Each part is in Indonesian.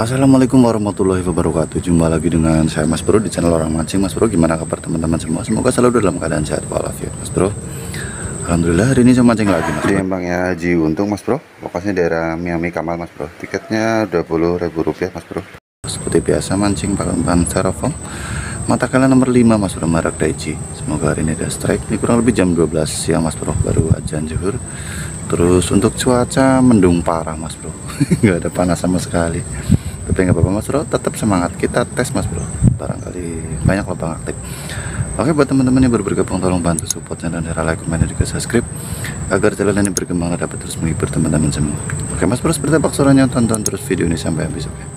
Assalamualaikum warahmatullahi wabarakatuh Jumpa lagi dengan saya Mas Bro di channel Orang Mancing Mas Bro gimana kabar teman-teman semua Semoga selalu dalam keadaan sehat walafiat Mas Bro Alhamdulillah hari ini saya mancing lagi Mas Di iya, Empangnya Haji Untung Mas Bro Lokasinya daerah Miami Kamal Mas Bro Tiketnya Rp20.000 Mas Bro Seperti biasa mancing pakai umpan styrofoam Mata kalian nomor 5 Mas Bro Marak Daiji Semoga hari ini ada strike Ini kurang lebih jam 12 siang Mas Bro Baru ajan juhur Terus untuk cuaca mendung parah Mas Bro Gak ada panas sama sekali tapi nggak apa-apa Mas Bro, tetap semangat. Kita tes Mas Bro. Barangkali banyak lubang aktif. Oke buat teman-teman yang baru bergabung tolong bantu supportnya dan share like, komen, dan juga subscribe agar channel ini berkembang dan dapat terus menghibur teman-teman semua. Oke Mas Bro seperti apa suaranya tonton terus video ini sampai habis oke. Okay?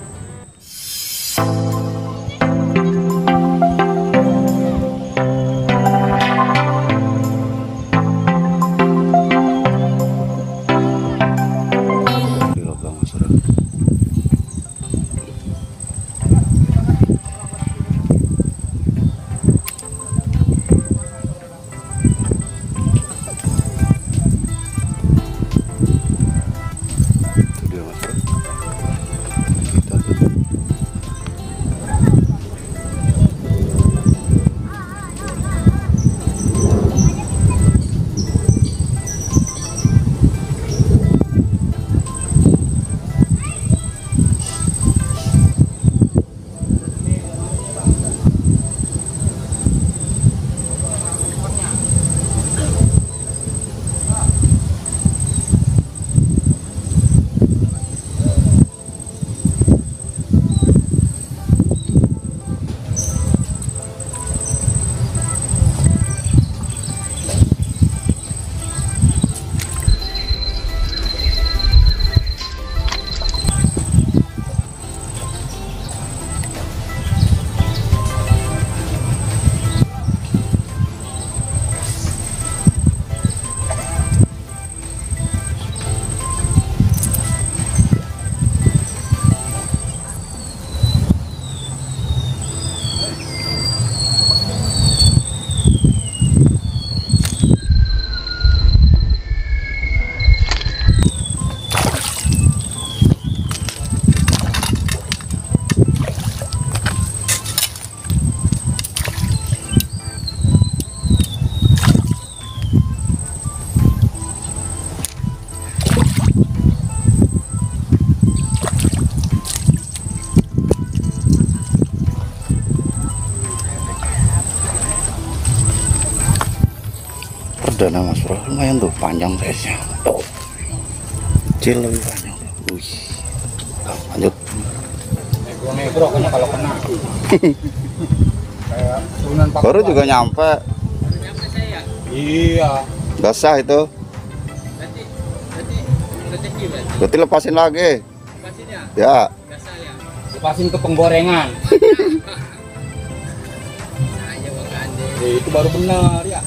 perdana mas bro lumayan tuh panjang size nya kecil lebih panjang wih lanjut bro kalau kena baru juga nyampe iya basah itu berarti, lepasin lagi lepasin ya, ya. Gasah, ya. lepasin ke penggorengan nah, ya, itu baru benar ya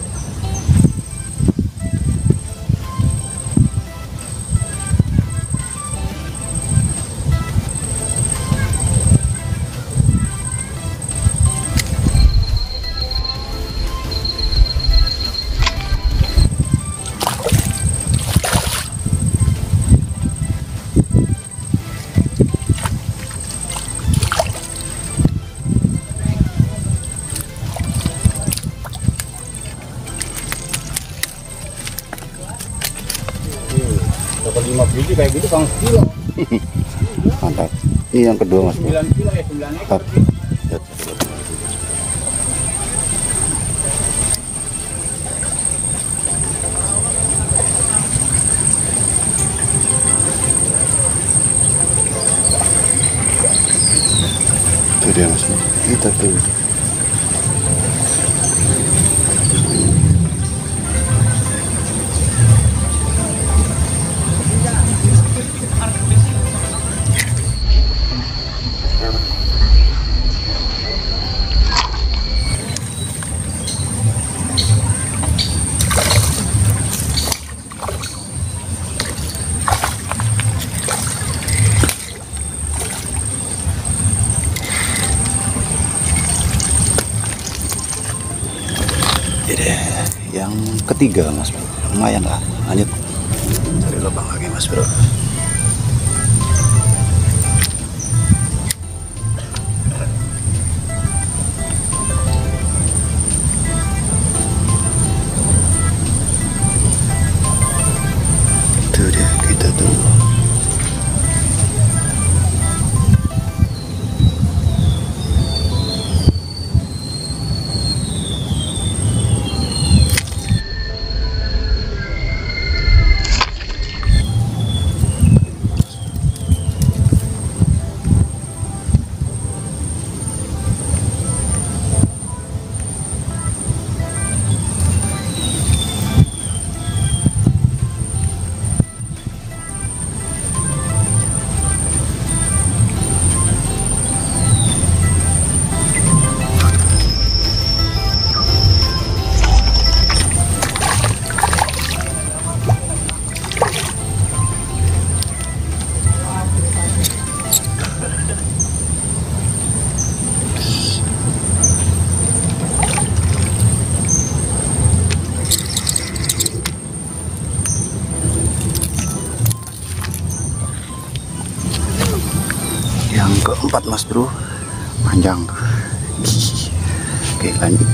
kayak gitu bang kilo mantap ini iya, yang kedua mas 9 kilo eh, kita tuh Jadi yang ketiga mas bro lumayan lah lanjut cari lubang lagi mas bro keempat mas bro panjang oke lanjut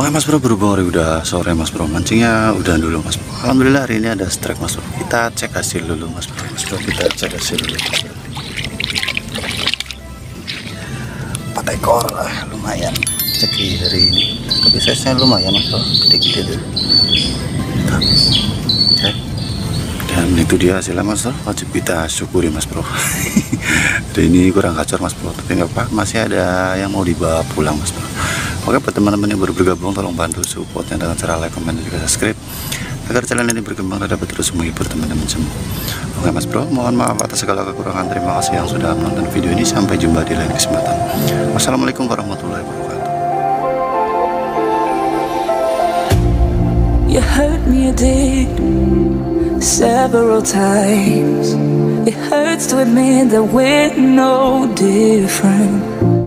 Oke mas bro, berhubung hari udah sore mas bro mancingnya udah dulu mas bro. Alhamdulillah hari ini ada strike mas bro. Kita cek hasil dulu mas bro. Mas bro kita cek hasil dulu. Mas bro. Empat ekor lah lumayan Ceki hari ini. Kebisesnya lumayan mas bro, gede-gede tuh. Dan itu dia hasilnya mas bro. Wajib kita syukuri mas bro. hari ini kurang kacor mas bro, tapi nggak apa masih ada yang mau dibawa pulang mas bro. Oke buat teman-teman yang baru bergabung tolong bantu supportnya dengan cara like, komen dan juga subscribe agar channel ini berkembang dan dapat terus menghibur teman-teman semua. Oke Mas Bro, mohon maaf atas segala kekurangan. Terima kasih yang sudah menonton video ini. Sampai jumpa di lain kesempatan. Wassalamualaikum warahmatullahi wabarakatuh. You hurt me, you several times. It hurts to admit that we're no different.